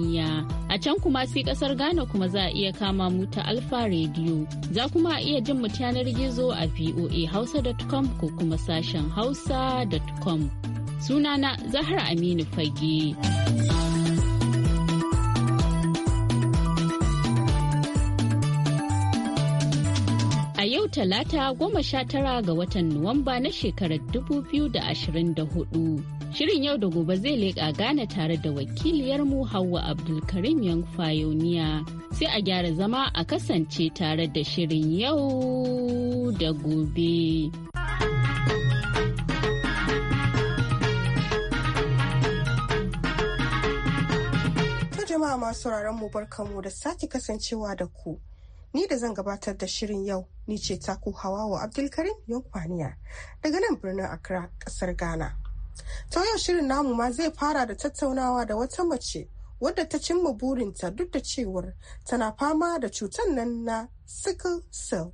duniya. A can kuma sai kasar Ghana kuma za a iya kama mu ta Alfa Radio. Za kuma iya jin mu yanar gizo a voa Hausa.com ko kuma sashen hausa.com. Sunana Zahra Aminu Fage. a yau talata goma sha tara ga watan nuwamba na shekarar da da 2024 Shirin yau da gobe zai leƙa gane tare da wakiliyar mu Hauwa Abdulkarim yan Fayoniya. Sai a gyara zama a kasance tare da shirin yau da gobe. jama'a masu sauraron mu barkanmu da sake kasancewa da ku. Ni da zan gabatar da shirin yau ni ce taku wa Abdulkarim Yankwaniya daga nan birnin Accra, kasar Ghana. Ta yau shirin namu ma zai fara da tattaunawa da wata mace wadda ta cimma burinta duk da cewar tana fama da cutar nan na sickle cell.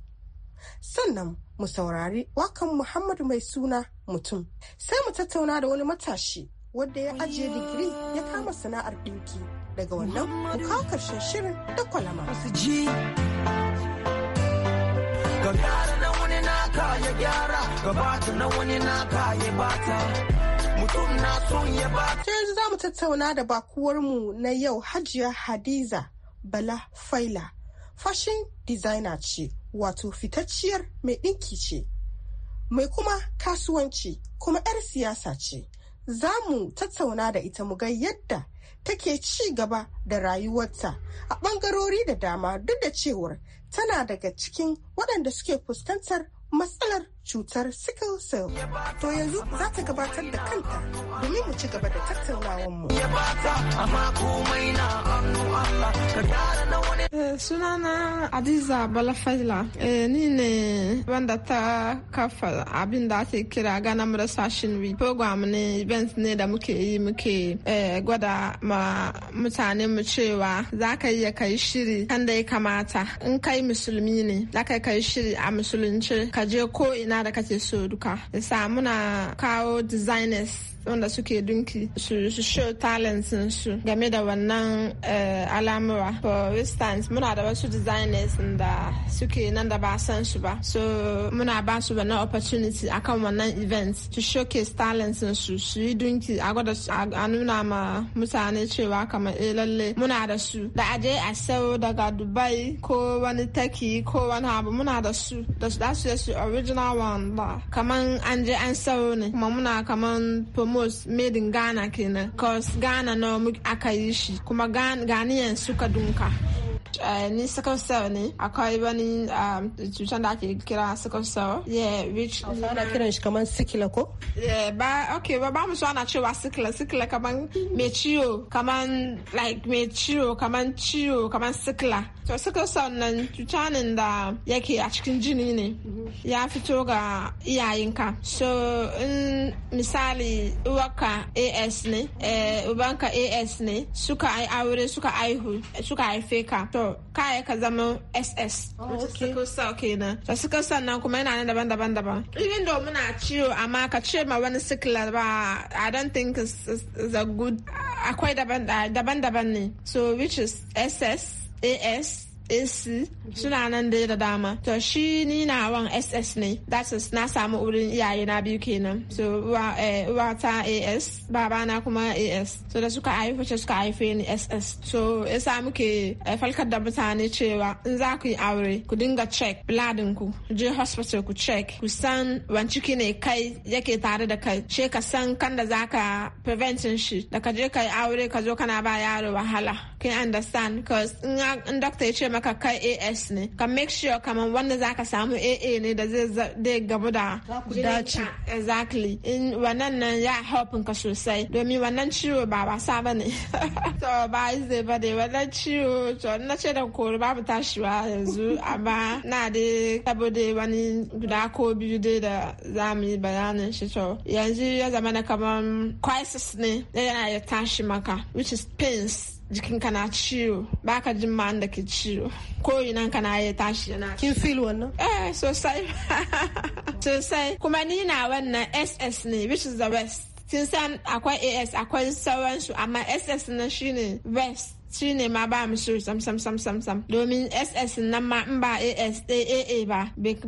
Sannan mu saurari wakan Muhammad mai suna mutum. Sai mu tattauna da wani matashi wadda ya ajiye digiri ya kama sana'ar ɗinki. Daga wannan mu kawo karshen shirin da kwalama. Ka na wani naka ya gyara, ka na wani naka ya bata. Ta yanzu za mu tattauna da bakuwarmu na yau Hajiya Hadiza Bala Faila. Fashin designer ce, wato fitacciyar mai ɗinki ce, mai kuma kasuwanci kuma 'yar siyasa ce. Za mu tattauna da ita mu ga yadda take ci gaba da rayuwarta a ɓangarori da dama duk da cewar tana daga cikin waɗanda suke fuskantar matsalar cutar sickle cell. To yanzu za ta gabatar da kanta domin mu ci gaba da eh, Sunana Adiza balafaila eh, ni ne wanda ta kafa abin da ake kira gana Murasashin Week. Program ne event ne da muke yi muke eh, gwada ma mutane mu cewa za ka iya kai shiri kan da ya kamata. In kai musulmi ne, za ka kai shiri a musulunci ka je ko ina na da kace so duka sa muna kawo designers wanda suke dunki su show talents su game da wannan eh, alamura for instance muna da wasu designers da suke nan da ba san su ba so muna ba su wannan opportunity akan wannan event to showcase talents su su yi dunki a gwada a nuna ma mutane cewa kamar eh lalle muna da su da aje a sau daga dubai ko wani taki ko wani abu muna da su da su su original on ba kaman an je an sauro ne kuma muna kaman promote made in ghana kenan cause ghana na aka yi shi kuma ganiyan suka dunka Eh, ni sickle cell ne akwai wani um, cutar da ake kira sickle cell yeah which ana kiran shi kamar sikila ko yeah ba okay ba ba mu so ana cewa sikila sikila kaman mai ciwo kaman like mai ciwo kaman ciwo kaman sikila to sickle cell nan cuta ne da yake a cikin jini ne ya fito ga iyayenka so in misali uwarka as ne eh, ubanka as ne suka ai aure suka aihu suka haife ka to kaya ka zama ss wata sickle cell kenan da sickle cell nan kuma yana nan daban daban daban even though muna ciwo amma ka ce ma wani sickle ba i don't think is, a good akwai daban daban ne so which is ss as AC suna nan da da dama. To shi ni na wan SS ne. That is na samu wurin iyaye na biyu kenan. So uwa eh, ta AS, baba na kuma AS. So da suka haife ce suka haife ni SS. So yasa muke eh, falkar da mutane cewa in za ku yi aure ku dinga check bladin ku. Je hospital ku check. Ku san wan ciki ne kai yake tare da kai. She ka san kan da za ka shi. Da ka je ka yi aure ka zo kana ba yaro wahala. kin understand because in doctor ya ce maka kai AS ne ka make sure kamar wanda zaka samu AA ne da zai gamu da dace exactly in wannan nan ya help ka sosai domin wannan ciwo ba wasa ba ne to ba zai ba ne wannan ciwo to na ce da kori babu tashiwa yanzu amma na dai saboda wani guda ko biyu dai da za mu yi bayanin shi to yanzu ya zama na kamar crisis ne yana ya tashi maka which is pains jikin na ciwo ba ka jin ma da ke ciwo ko ina kana ya tashi yana kin feel wannan eh sosai sosai kuma ni na wannan ss ne which is the west tun san akwai as akwai sauransu amma ss na shine west shi ne ma ba mu sam sam sam sam sam domin ss nan ma in ba as aa ba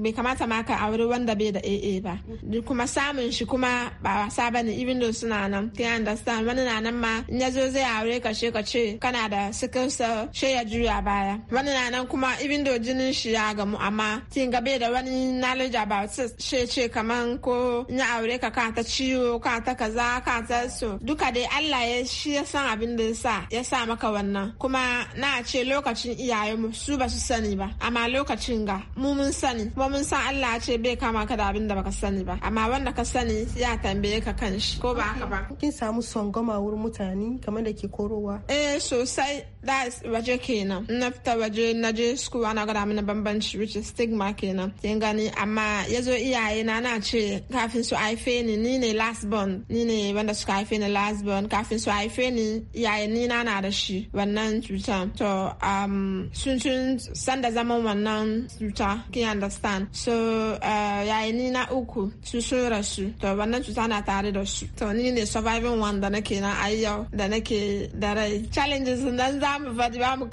bai kamata ma ka aure wanda bai da aa ba kuma samun shi kuma ba wasa ba ne even though suna nan ki understand wani na nan ma in yazo zai aure ka she ka ce kana da sickle sa she ya juya baya wani na nan kuma even though jinin shi ya gamu amma tin ga bai da wani knowledge about she ce kaman ko in ya aure ka ka ta ciwo ka ta kaza ka ta so duka dai Allah ya shi ya san abin da ya sa ya sa maka wani wannan kuma na ce lokacin iyayenmu su ba su sani ba amma lokacin ga mu mun sani kuma mun san Allah ce bai kama ka da abin da baka sani ba amma wanda ka sani ya tambaye ka kanshi ko ba haka ba kin samu songoma wurin mutane kamar da ke korowa eh sosai da waje kenan na fita waje na je school ana gwada mana bambanci which is stigma kenan kin gani amma yazo iyaye na na ce kafin su haife ni ni ne last born ni ne wanda suka haife ni last born kafin su haife ni iyaye ni na na da shi wannan cuta to um, sun sun san da zaman wannan cuta ki understand so uh, yayi ni na uku su sun rasu to wannan cuta na tare da su to ni ne surviving one da nake na ayyau da nake da rai challenges nan za mu faɗi ba mu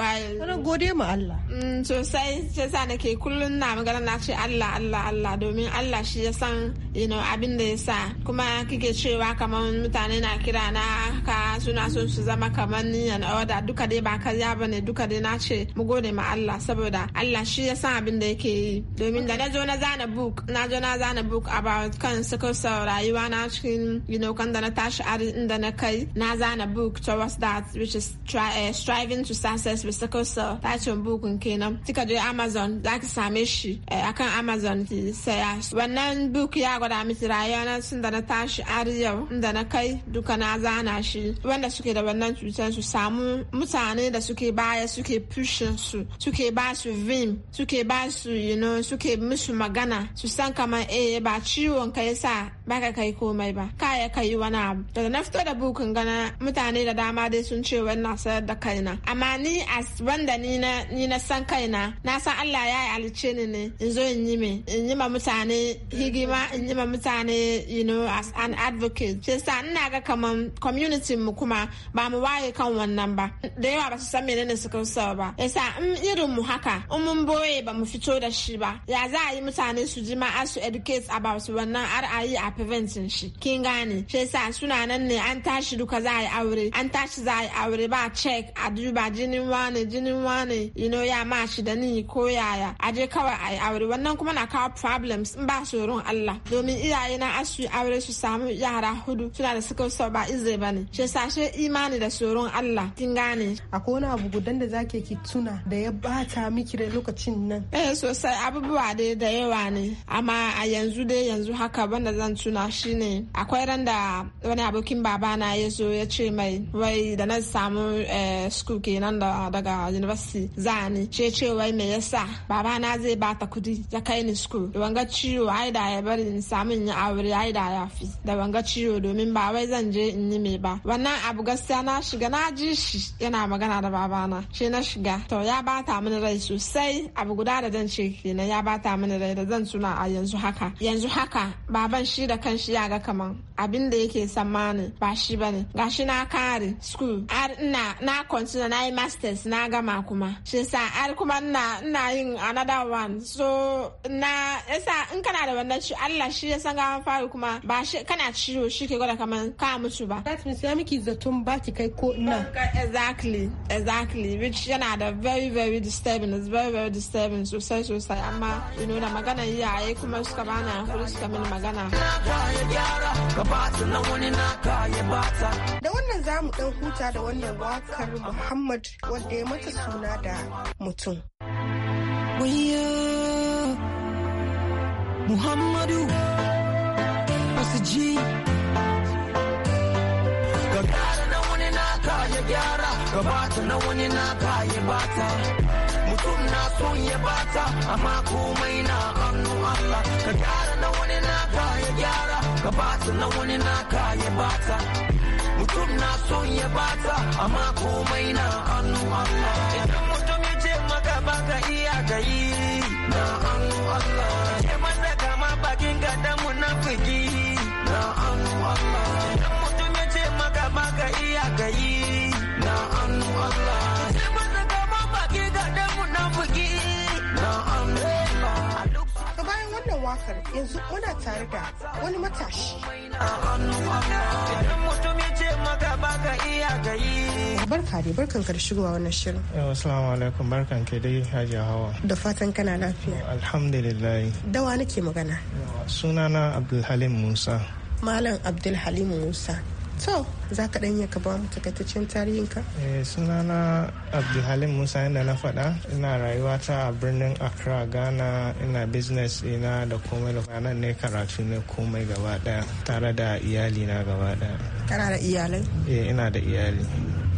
waye. Wani gode mu Allah mm, sosai sai sa nake kullum na magana na ce Allah Allah Allah domin Allah shi ya san you know abin da ya sa kuma kike cewa kamar mutane na kira na ka suna son su zama kamar ni and tawada duka dai ba karya ba ne duka dai na ce mu gode ma Allah saboda Allah shi ya san abin da yake yi domin da na zo na zana book na zo na zana book about kan sickle cell rayuwa na cikin you know kan da na tashi inda na kai na zana book towards that which is eh, striving to success with sickle cell tashin bugun kenan tika je Amazon za ki same shi eh, akan Amazon ki saya wannan book ya gwada miki rayuwa na sun da na tashi ari yau inda na kai duka na zana shi wanda suke da wannan cutar su samu samu mutane da suke baya suke pushin su suke ba su vim suke ba su you know suke musu magana su san kamar eh ba ciwon ka yasa baka kai komai ba kaya ka yi wani abu daga na fito da bukin gana mutane da dama dai sun ce wani na da kaina amma ni as wanda ni na ni na san kaina na san Allah ya yi alice ni ne in zo in yi me in yi ma mutane higima in yi ma mutane you know as an advocate sai sa ina ga kamar community mu kuma ba mu waye kan wannan ba da yawa ba su san menene sa ba yasa in irin mu haka in mun boye ba mu fito da shi ba ya za a yi mutane su ji ma su educate about wannan ra'ayi a preventing shi kin gane shi yasa suna nan ne an tashi duka za a yi aure an tashi za a yi aure ba check a duba jinin wane jinin wane you know ya ma shi da ni ko yaya a je kawai a yi aure wannan kuma na kawo problems in ba tsoron Allah domin iyaye na asu aure su samu yara hudu suna da sickle sa ba izai bane shi yasa shi imani da tsoron Allah kin gane akwai wani abu gudan da zake ki tuna da ya bata miki da lokacin nan eh sosai abubuwa dai da yawa ne amma a yanzu dai yanzu haka banda zan tuna shine akwai ran da wani abokin babana ya zo ya ce mai wai da na samu eh, school kenan daga university zani ce ce wai me yasa babana zai bata kudi ya kai ni school da wanga ciwo ai da ya bari in samu in aure ai da ya fi da wanga ciwo domin ba wai zan je in yi me ba wannan abu gaskiya na shiga na ji shi shi yana magana da babana shi na shiga to ya bata mini rai sosai abu guda da zan ce kenan ya bata mini rai da zan tuna a yanzu haka yanzu haka baban shi da kanshi ya ga kaman abin da yake tsammani ba shi bane gashi na kare school har ina na continue na yi masters na gama kuma shi sa har kuma ina ina yin another one so na yasa in kana da wannan ci Allah shi ya san gawan fari kuma ba shi kana ciwo shi ke gwada kaman ka mutu ba that means miki zaton ba ki kai ko ina Exactly, exactly. Which yana da very very disturbing, it's very very disturbing sosai sosai. Amma you know da magana iyaye kuma suka bani hankuri suka mini magana. Da wannan za mu huta da wannan wakar Muhammad wanda ya mata suna da mutum. Muhammadu masu ji gabata na wani na kaye bata mutum na son ya bata amma komai na hannu Allah ka gyara na wani na kaye gyara gabata na wani na kaye bata mutum na son ya bata amma komai na hannu Allah idan mutum ya ce maka baka iya ka yi na hannu Allah ya masa kama bakin ka da munafiki na hannu Allah idan mutum ya ce maka baka iya ka yi wannan wakar yanzu muna tare da wani matashi. Barka dai barkan ka da shigowa wannan shirin. Yawa salamu alaikum barkan ke dai hajiya hawa. Da fatan kana lafiya. Alhamdulillah. Dawa nake magana. Sunana Abdulhalim Musa. Malam Abdulhalim Musa. to za ka ɗanya ka ba mu takaitaccen tarihinka? Eh, sunana Abdulhalim Musa yadda na faɗa ina rayuwa ta a birnin Accra Ghana ina business ina da komai da nan ne karatu ne komai gaba ɗaya tare da iyali na gaba ɗaya. Kana da iyalai? Eh, ina da iyali.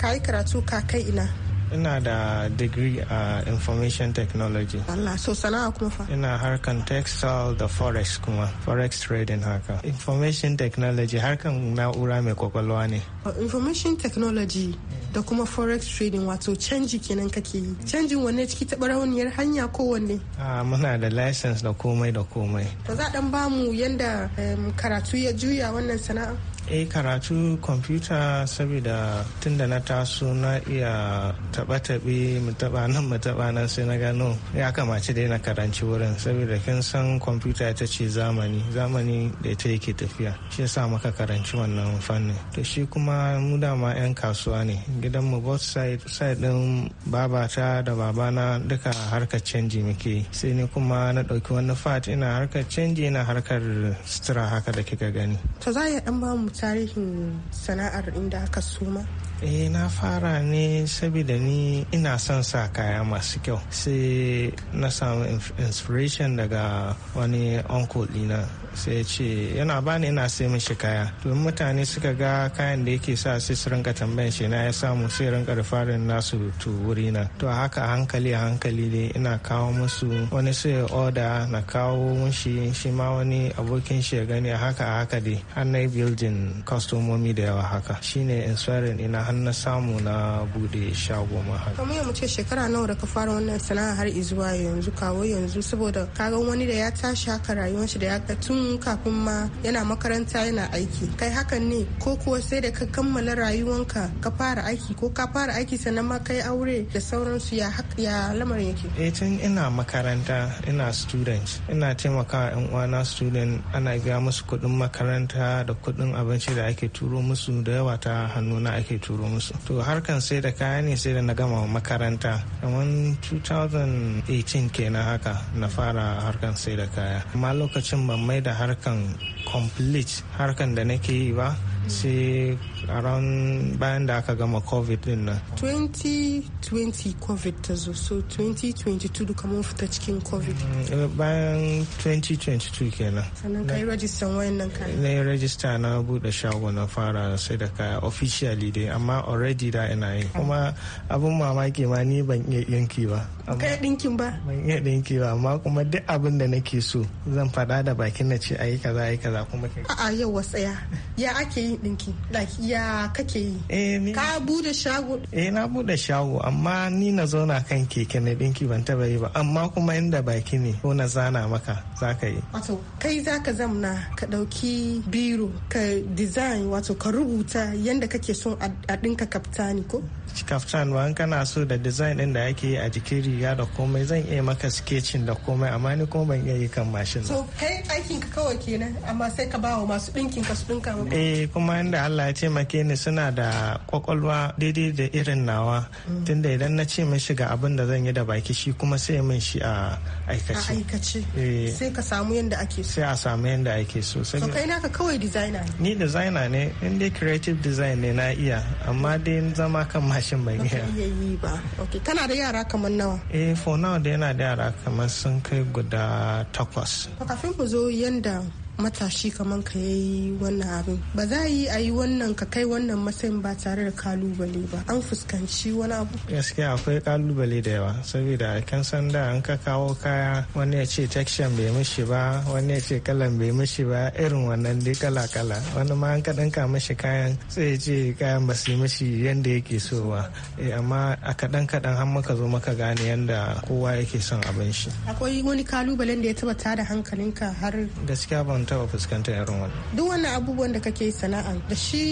Ka yi karatu ka kai ina? ina da degree a uh, information technology Allah so sana'a kuma fa ina harkan textile da forex kuma forex trading haka information technology harkan na'ura mai kwakwalwa ne uh, information technology da kuma forex trading wato canji kenan kake yi canjin wanne ciki taɓa rauniyar hanya ko wanne muna da license da komai da komai ba za dan bamu yanda um, karatu ya juya wannan sana'a eh karatu kwamfuta saboda tun da na taso na iya taba taɓe mu taɓa nan mu taɓa nan sai na gano ya kamace dai na karanci wurin saboda kin san kwamfuta ita ce zamani zamani da ita yake tafiya shi yasa maka karanci wannan fannin to shi kuma mu dama 'yan kasuwa ne gidan mu both side side din babata da babana duka harkar canji muke sai ni kuma na ɗauki wani fat ina harkar canji ina harkar sutura haka da kika gani to za ya dan mu. tarihin sana'ar inda aka suma eh na fara ne saboda ni ina son sa kaya masu kyau sai na samu inspiration daga wani uncle dina sai ce yana bani ina sai mishi kaya tun mutane suka ga kayan da yake sa sai su rinka tambayan shi na ya samu sai rinka rufarin nasu to wuri na to haka hankali a hankali dai ina kawo musu wani sai order na kawo mushi shi ma wani abokin shi ya gani haka haka dai har na building kwastomomi da yawa haka shine inspiring ina har na samu na bude shago ma har. kamar ce shekara nawa da ka fara wannan sana'a har izuwa yanzu kawo yanzu saboda kaga wani da ya tashi haka rayuwar shi da ya tun kafin ma yana makaranta yana aiki kai hakan ne ko kuwa sai da ka kammala rayuwanka ka fara aiki ko ka fara aiki sannan ma kai aure da sauransu ya ya lamarin yake eh tun ina makaranta ina student ina taimakawa yan uwana student ana biya musu kuɗin makaranta da kuɗin abinci da ake turo musu da yawa ta hannuna ake turo turo musu to harkan sai da kaya ne sai da na gama makaranta kamar 2018 kenan haka na fara harkan sai da kaya amma lokacin ban mai da harkan complete harkan da nake yi ba sai around bayan da aka gama covid din nan 2020 covid ta zo so 2022 duka mun fita cikin covid mm, bayan 2022 kenan sannan kai wayan nan kayan na yi rajista na bude shago na fara sai da kaya officially dai amma already da ina yi kuma abin mamaki ma ni ban iya yanki ba kai dinkin ba ban iya dinki ba amma kuma duk abin da nake so zan faɗa da bakin na ce ayi kaza ayi kaza kaza kuma ke. a'a yau tsaya ya ake yin dinki ya kake yi eh, ka bude shago eh na bude shago amma ni na zauna kan keke ne dinki ban taba yi ba amma kuma inda baki ne ko na zana maka zaka yi wato kai zaka zamna ka dauki biro ka design wato ka rubuta yanda kake son a dinka kaftani ko kaftan ba in kana so da design din da ake yi a jikin riga da komai zan iya maka sketchin da komai amma ni kuma ban iya yi kan mashin so kai aikin ka kawai kenan amma sai ka bawa masu dinkin ka su dinka maka eh kuma inda Allah ya taimake ni suna da kwakwalwa daidai da irin nawa mm. tunda idan na ce mai shiga abin da zan yi da baki shi kuma sai min shi a aikace a aikace eh. sai ka samu yanda ake so sai a samu yanda ake so so kai naka kawai designer ni designer ne inda creative design ne na iya amma dai zama kan mashin kashin ban iya yi ba okay tana da yara kamar nawa eh for now da yana da yara kamar sun kai guda takwas kafin mu zo yanda matashi kamar ka yi wannan abin ba za a yi a yi wannan ka kai wannan matsayin ba tare da kalubale ba an fuskanci wani abu gaskiya akwai kalubale da yawa saboda kan san da an ka kawo kaya wani ya ce texture bai mishi ba wani ya ce kalan bai mishi ba irin wannan dai kala kala wani ma an ka dinka mishi kayan sai ya ce kayan ba su yi mishi yanda yake so ba eh, amma a kaɗan kaɗan har maka zo maka gane yanda kowa yake son abin shi akwai wani kalubalen da ya taba tada hankalinka har gaskiya ban mun taba fuskantar irin wani. Duk wannan abubuwan da kake sana'a da shi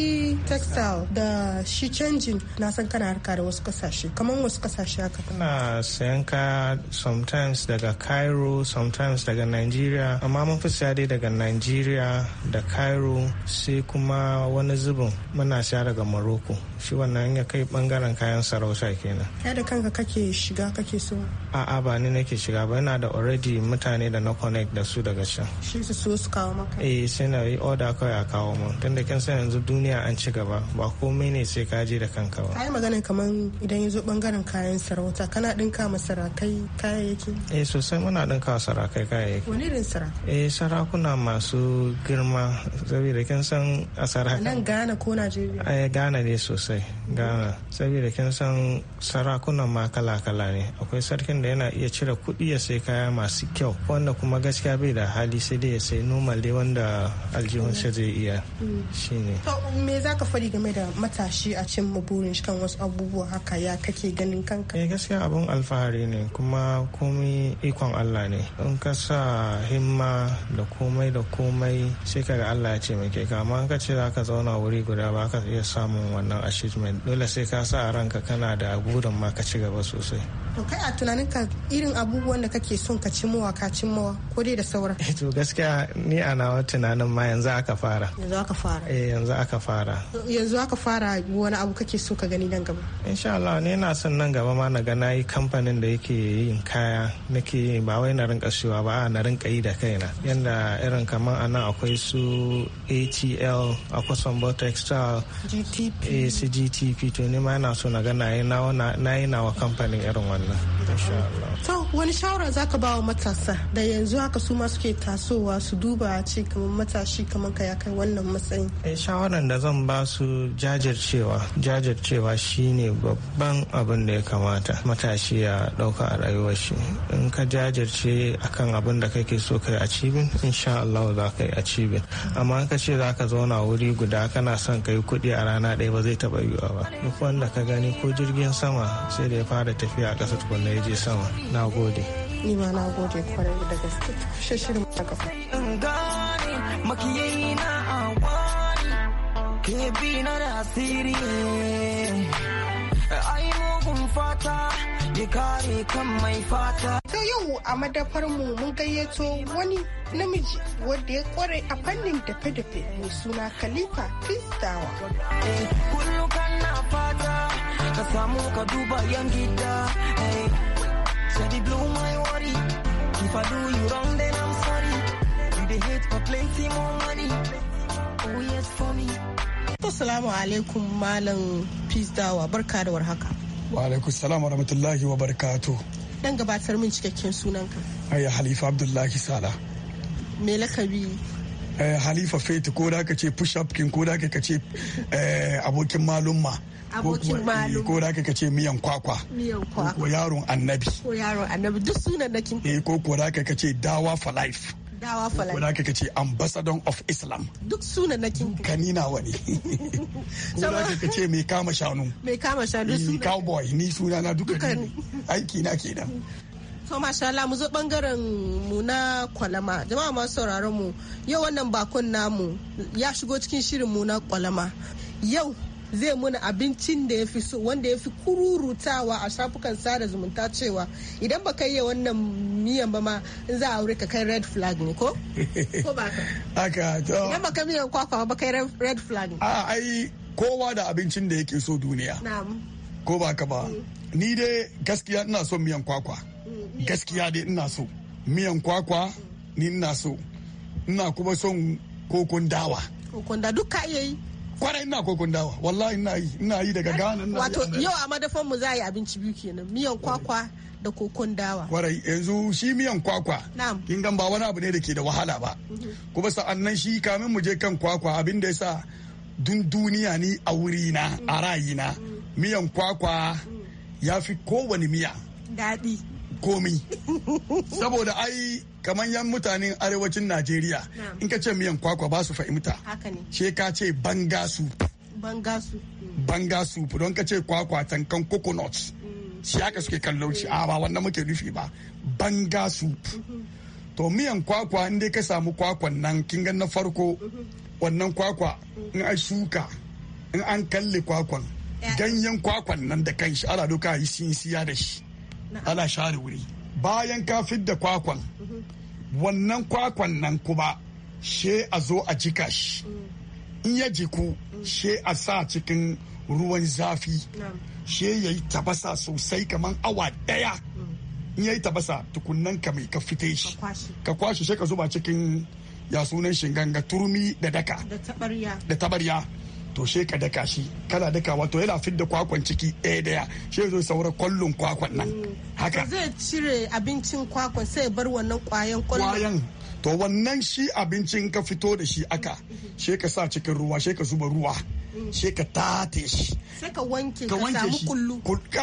textile da shi canjin na san kana harka da wasu kasashe kamar wasu kasashe haka. Na sayan kaya sometimes daga Cairo sometimes daga Nigeria amma mun fi siya dai daga Nigeria da Cairo sai kuma wani zubin muna siya daga Morocco shi wannan ya kai bangaren kayan sarauta kenan. Ya da kanka kake shiga kake so? A'a ba ni nake shiga ba yana da already mutane da na connect da su daga can. Shi su so suka kawo maka eh sai na yi order kawai a kawo mu tunda kin san yanzu duniya an ci gaba ba komai ne sai ka je da kanka ba ai magana kaman idan yazo bangaren kayan sarauta kana dinka ma sarakai kayayyaki eh sosai muna dinka sarakai kayayyaki wani irin sarakai eh sarakuna masu girma saboda kin san a sarakai nan Ghana ko Najeriya eh Ghana ne sosai Ghana saboda kin san sarakunan ma kala-kala ne akwai sarkin da yana iya cire kuɗi ya sai kaya masu kyau wanda kuma gaskiya bai da hali sai dai ya sai noma normal dai wanda aljihunsa zai iya shi ne. me za ka faɗi game da matashi a cin burin shi kan wasu abubuwa haka ya kake ganin kanka eh gaskiya abun alfahari ne kuma komai ikon Allah ne in ka sa himma da komai da komai sai ka ga Allah ya ce mai ka amma ka ce za ka zauna wuri guda ba ka iya samun wannan achievement dole sai ka sa ranka kana da burin ma ka ci gaba sosai to kai a tunanin ka irin abubuwan da kake son ka ci mawa ka ci mawa ko dai da sauran eh to gaskiya ni a nawa tunanin ma yanzu aka fara yanzu aka fara eh yanzu aka fara yanzu aka fara wani abu kake so ka gani nan gaba insha Allah ne na son nan gaba ma na ga nayi kamfanin da yake yin kaya nake ba wai na rinka shiwa ba na rinka yi da kaina yanda irin kaman a nan akwai su ATL akwai Sambo Textile GTP eh su GTP to ni ma na so na ga nayi nawa nayi nawa kamfanin irin wani Allah. To wani shawara za ka ba wa matasa da yanzu haka su ma suke tasowa su duba a ce kamar matashi kamar ka ya kai wannan matsayin. Eh, shawaran da zan ba su jajircewa. Jajircewa shine babban abin da ya kamata matashi ya ɗauka a rayuwar shi. In ka jajirce kan abin da kake so kai a cibin insha Allah za ka yi a cibin. Amma in ka ce za ka zauna wuri guda kana son ka yi kuɗi a rana ɗaya ba zai taɓa yiwuwa ba. Duk wanda ka gani ko jirgin sama sai da ya fara tafiya a ƙasa tukunna ya je sama na gode ni ma na gode kwarai da gaske shirin da gaba makiyayi na awani ke bi na da asiri ai mugun fata ya kare kan mai fata ta yau a madafar mu mun gayyato wani namiji wanda ya kware a fannin dafe-dafe mai suna khalifa kristawa kullum na fata ka samu ka duba yan gida eh, Say blue my worry if I do you wrong Assalamu alaikum Malam Peace Dawa barka da warhaka. Wa alaikum salam wa rahmatullahi wa barakatuh. Dan gabatar min cikakken sunanka. ayya Halifa Abdullahi Sala. Me lakabi eh, halifa faith ko da kace push up king ko da kace eh abokin malumma abokin eh, malum ko da ka kace miyan kwakwa ko yaron annabi ko yaron annabi duk sunan da kin eh ko ko da ka kace dawa for life dawa fulani kuna kake ce ambassador of islam duk sunan na kin kanina wani kuna kake ce mai kama shanu mai kama shanu eh, ni cowboy ni suna na duka aiki na kenan to masha Allah mu zo bangaren mu na kwalama jama'a masu sauraron mu yau wannan bakon namu ya shigo cikin shirin mu na kwalama yau zai muna abincin da ya fi so wanda ya fi kururutawa a shafukan sada zumunta cewa idan baka yi wannan miyan ba ma za a aure ka kai red flag ne ko ko ba ka to idan ka miyan kwakwa ba kai red flag ne a ai kowa da abincin da yake so duniya ko ba ka ba mm. ni dai gaskiya ina so mm, miyan kwakwa gaskiya dai ina so miyan kwakwa ni ina so ina kuma son kokon dawa kokon da duk iya yi kwarai ina kokon dawa wallahi ina yi ina yi daga Ghana wato yau a madafan mu za a yi abinci biyu kenan miyan kwakwa da kokon dawa kwarai yanzu shi miyan kwakwa na'am kin gan ba wani abu ne da ke da wahala ba mhm. kuma sa'annan shi kamin mu je kan kwakwa abin da yasa dun duniya ni a wuri na a mm. rayina mm. miyan kwakwa mm. ya fi kowane miya daɗi komi saboda ai kamar yan mutanen arewacin najeriya in ka ce miyan kwakwa ba su fahimta she ka ce banga soup banga soup don ka ce kwakwa tankan coconut mm. shi aka suke kallon shi a ba wannan muke nufi ba banga soup mm-hmm. to miyan kwakwa inda ka samu kwakwan nan kin na farko mm-hmm. wannan kwakwa mm. in a shuka in an kalle kwakwan ganyen kwakwan nan da kanshi ala doka yi sinsiya da shi ana share wuri bayan ka fidda kwakwan wannan kwakwan nan kuma she a zo a jika shi in ya jiku she a sa cikin ruwan zafi she ya yi tabasa sosai kamar awa daya in ya yi tabasa tukunan ka mai ka fite shi ka kwashe she ka zuba cikin ya sunan ga turmi da daka da tabarya to she ka daka shi kana daka wato yana fidda kwakwan ciki ɗaya daya shi zo saura kwallon kwakwan nan haka zai cire abincin kwakwan sai bar wannan kwayan kwallon to wannan shi abincin ka fito da shi aka she ka sa cikin ruwa she ka zuba ruwa she ka tate shi sai ka wanke ka samu kullu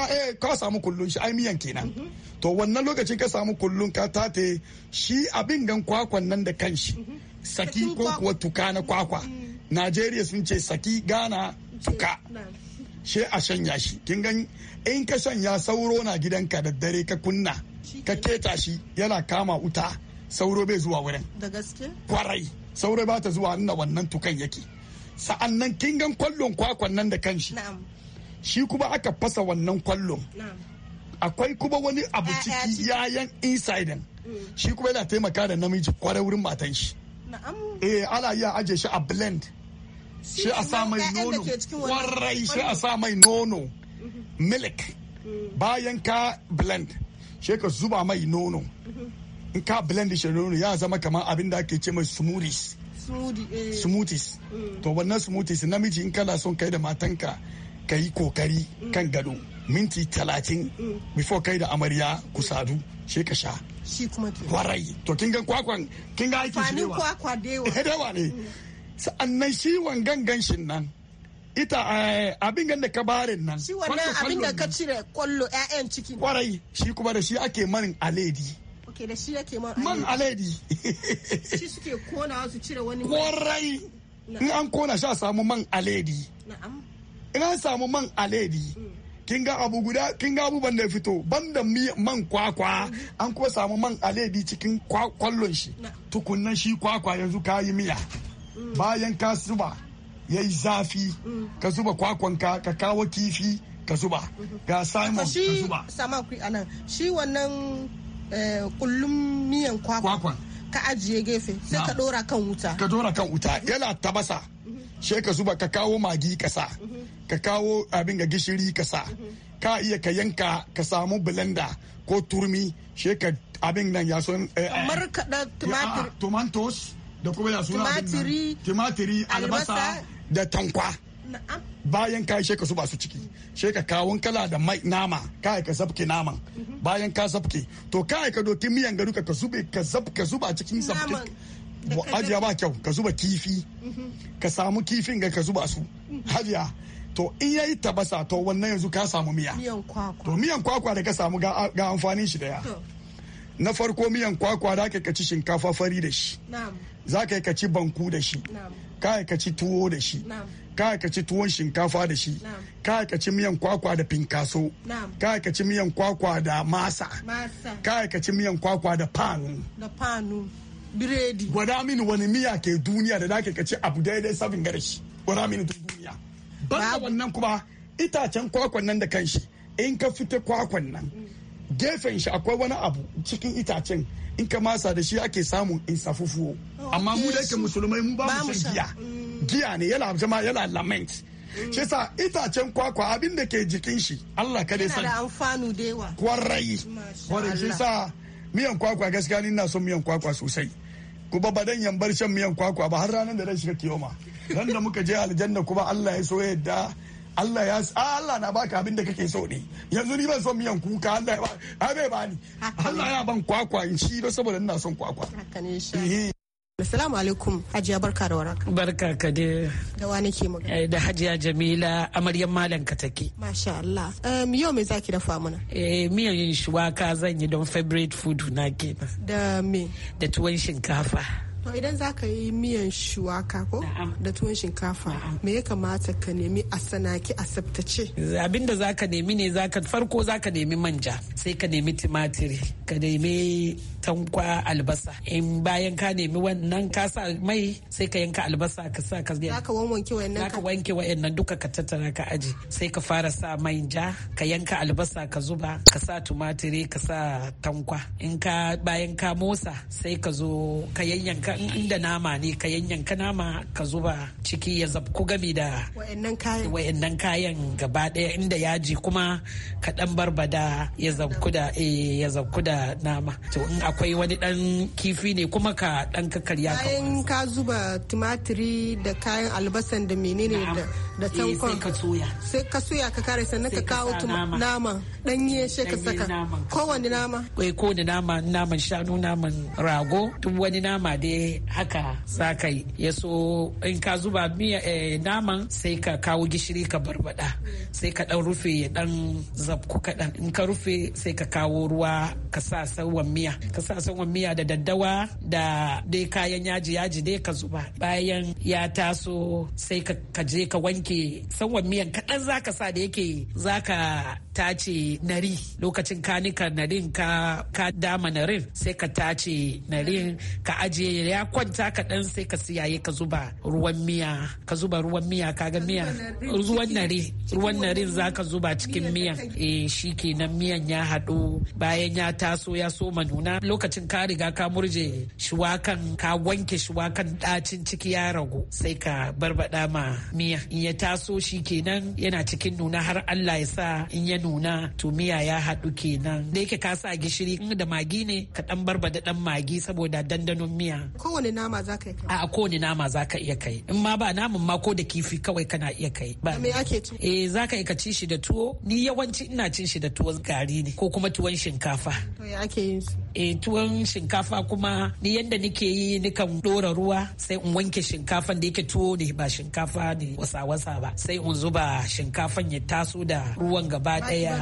eh, ka samu kullun shi ai miyan kenan mhm. to wannan lokacin ka samu kullun ka tate shi abin gan kwakwan nan da kanshi mhm. saki ko kuwa tuka na kwakwa mm. najeriya sun ce saki gana fuka she a shanya shi kin gani in ka shanya sauro na gidanka da dare ka kunna ka keta shi yana kama wuta sauro bai zuwa wurin da gaske kwarai sauro ba ta zuwa nuna wannan tukan yake sa'an nan kin gan kwallon kwakwan nan da kanshi shi kuma aka fasa wannan kwallon akwai kuma wani abu ciki yayan inside mm. shi kuma yana taimaka da namiji kwarai wurin matan shi eh ana iya aje shi a blend shi a sa mai nono kwarai shi a sa mai nono milk bayan ka blend shi ka zuba mai nono in ka blend shi nono ya zama kamar abin da ake ce mai smoothies eh. smoothies mm. to wannan smoothies namiji in kana son kai da matanka ka yi kokari mm. kan gado minti talatin mm. before kai da amarya ku sadu shi ka sha kwarai to kin ga kwakwan kin ga aiki shi dewa dewa ne sa'annan shi wangan ganshin nan ita eh, abin gan da ka barin nan shi wannan abin da ka cire kwallo ƴaƴan ciki kwarai shi kuma da shi ake man aledi ok da shi ake man aledi shi suke kona su cire wani kwarai in an kona shi a samu man aledi in an samu man aledi mm. kin ga abu guda kin ga abubuwan da ya fito banda man kwakwa an kuma samu man aledi cikin kwallon shi tukunnan shi kwakwa yanzu kayi miya bayan ka zuba ya yi zafi ka zuba kwakwanka ka kawo kifi ka zuba ga simon ka zuba sama anan shi wannan eh, kullum miyan kwakwan ka ajiye gefe sai ka dora kan wuta ka dora kan wuta yana tabasa she ka zuba ka kawo magi ka sa ka kawo abin ga gishiri ka sa ka iya ka yanka ka samu blender ko turmi she ka abin nan ya son eh, kamar kada tumatir tomatoes da kuma ya suna timatiri timatiri albasa da tankwa bayan ka sheka su basu ciki sheka kawun kala da mai nama kai ka sabke naman mhm. bayan ka sabke to kai ka doki miyan gado ka zube ka zabka zuba cikin sabke ajiya ba kyau ka zuba kifi mhm. ka samu kifin ga ka zuba su mhm. hajiya to in yayi tabasa to wannan yanzu ka samu miya to miyan kwakwa da ka samu ga amfanin shi da ya na farko miyan kwakwa da ka ci shinkafa fari da shi za ka yi ka ci banku da shi ka ka ci tuwo da shi ka ka ci tuwon shinkafa da shi ka ka ci miyan kwakwa da pinkaso. ka ka ci miyan kwakwa da masa ka ka ci miyan kwakwa da panu biredi gwada mini wani miya ke duniya da dake ka ci abu daidai sabin gare shi gwada mini duk duniya ba wannan kuma itacen kwakwan nan da kanshi in ka fita kwakwan nan mm. gefen shi akwai wani abu cikin itacen in ka masa da shi ake samun in safufuwo amma mu da yake musulmai mu ba mu san giya mm. giya ne yana jama yana lament mm. shi sa itacen kwakwa abin da ke jikin shi Allah ka dai sani yana da amfanu da yawa kwarai kwarai shi sa miyan kwakwa gaskiya ni na son miyan kwakwa sosai ku ba dan yambar shan miyan kwakwa ba har ranar da zai shiga kiyoma ran da muka je aljanna kuma Allah ya so yadda Allah ya sa ah, Allah na baka abin da kake so ne yanzu ni ban son miyan kuka Allah ya ba bai bani Allah ya ban kwakwa in ci don saboda ina son kwakwa haka ne eh. Assalamu alaikum Hajiya barka da waraka. Barka ka da. Da wa nake magana? Eh, da Hajiya Jamila amaryan malam ka take. Masha Allah. Um, yau me zaki dafa mana? Eh miyan yin shuwaka zan yi don favorite food na kenan. Da me? Da tuwon shinkafa. To idan za ka yi miyan shuwaka ko da tuwon shinkafa me ya kamata ka nemi a sanaki a tsaftace? Abin da za ka nemi ne zaka farko za ka nemi manja sai ka nemi timatiri ka nemi tankwa albasa in bayan ka nemi wannan ka sa mai sai ka yanka albasa ka sa ka zai ka wanke wayannan ka wanke wayannan duka ka tattara ka aji sai ka fara sa manja ka yanka albasa ka zuba ka sa tumatiri ka sa tankwa in ka bayan ka motsa sai ka zo ka yayyanka ka inda nama ne ka yanyanka nama ka zuba ciki ya ku gami da wayannan kayan gaba daya inda yaji kuma ka dan barbada ya zabku da eh, ya zabku da nama to in akwai wani dan kifi ne kuma ka dan karya ka bayan ka zuba tumatiri da kayan albasan da menene da da eh, tankon sai ka soya sai ka soya ka kare sannan ka kawo nama danye shi ka saka kowane nama kowane nama naman shanu naman rago duk wani nama da haka za ka yi ya so in ka zuba miya eh, naman sai ka kawo gishiri ka barbada sai ka dan rufe ya dan zabku kaɗan in ka rufe sai ka kawo ruwa ka sa sauwan miya ka sa sauwan miya da daddawa da dai kayan yaji yaji dai ka zuba bayan ya taso sai ka je ka wanke sauwan miyan kaɗan za ka sa da yake za ka tace nari lokacin ka nika narin ka dama narin sai ka tace narin ka ajiye ya kwanta kaɗan sai ka siyaye ka zuba ruwan miya ka zuba ruwan miya kaga miya ruwan nare ruwan nare za ka zuba cikin miyan eh shi kenan miyan ya haɗu bayan ya taso ya soma nuna lokacin ka riga ka murje shuwakan ka wanke shuwakan ɗacin ciki ya ragu sai ka barbaɗa ma miya in ya taso shi kenan yana cikin nuna har Allah ya sa in ya nuna to miya ya haɗu kenan da yake ka sa gishiri da magi ne ka ɗan barbaɗa ɗan magi saboda dandanon miya kowane nama za ka yi a kowane nama za ka iya kai in ma ba namun ma ko da kifi kawai kana iya kai ba me ake tuwo eh za ka iya ci shi da tuwo ni yawanci ina cin shi da tuwon gari ne ko kuma tuwon shinkafa to ya ake yin su Eh, tuwon shinkafa kuma ni yadda nake yi nikan dora ruwa sai in wanke shinkafan da yake tuwo ne ba shinkafa ne wasa-wasa ba sai in zuba shinkafan ya taso da ruwan gaba daya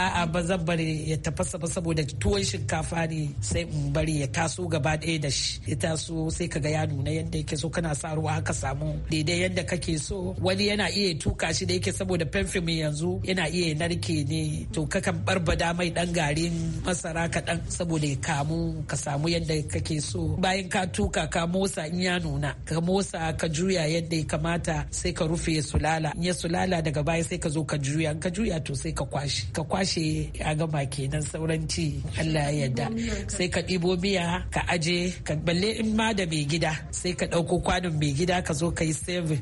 a a ba zan bari ya tafasa ba saboda tuwon shinkafa ne sai in bari ya taso gaba daya da shi ya taso sai kaga ya nuna yadda yake so kana sa ruwa haka samu daidai yadda kake so wani yana iya tuka shi da yake saboda fenfimin yanzu yana iya narke ne to kakan barbada mai dan garin masara kaɗan saboda ya kamu ka samu yadda kake so bayan ka tuka ka motsa in ya nuna ka motsa ka juya yadda ya kamata sai ka rufe ya sulala in ya sulala daga baya sai ka zo ka juya ka juya to sai ka kwashe ka kwashe a gama kenan sauran ci Allah ya yarda sai ka ɗibo miya ka aje ka balle in ma da mai gida sai ka ɗauko kwanon mai gida ka zo ka yi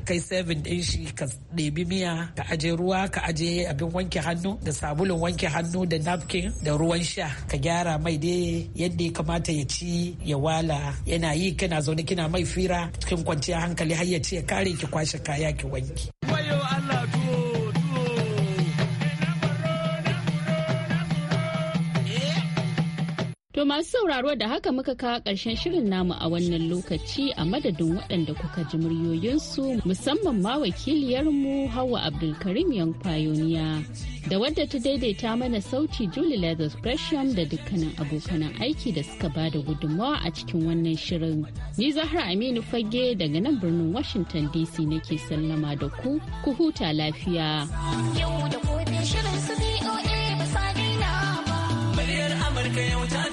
kai seven ɗin shi ka ɗebi miya ka aje ruwa ka aje abin wanke hannu da sabulun wanke hannu da napkin da ruwan sha ka gyara mai daidai yadda ya kamata ya ci ya wala yana yi kana zaune kina mai fira cikin kwanciyar hankali har ya ce kare ki kwashe kaya ki wanki To masu sauraro da haka muka kawo ƙarshen shirin namu a wannan lokaci a madadin waɗanda kuka ji muryoyinsu musamman ma wakiliyarmu Hawa Abdulkarim yan Fayoniya da wadda ta daidaita mana sauti Julie Leathers Gresham da dukkanin abokanan aiki da suka ba da gudunmawa a cikin wannan shirin. Ni Zahra Aminu Fage daga nan birnin Washington DC nake sallama da ku, ku huta lafiya. Yau da shirin su ba. Amurka yau ta